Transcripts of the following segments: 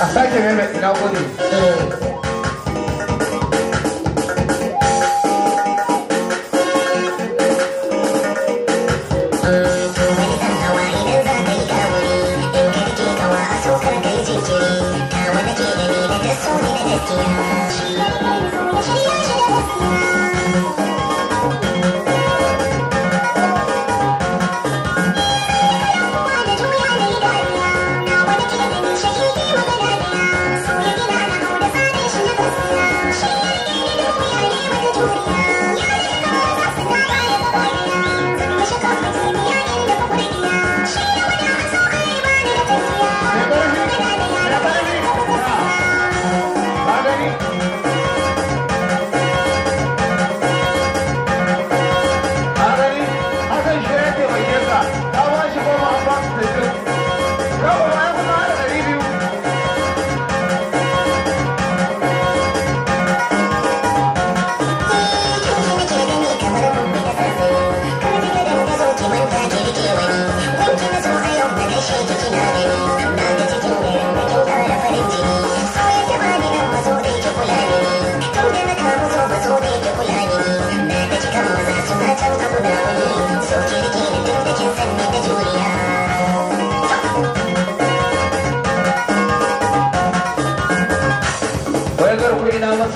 Asante wewe inaogoni. Eh. Yeah.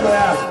Yeah.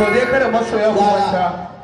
to dai kada masoya ku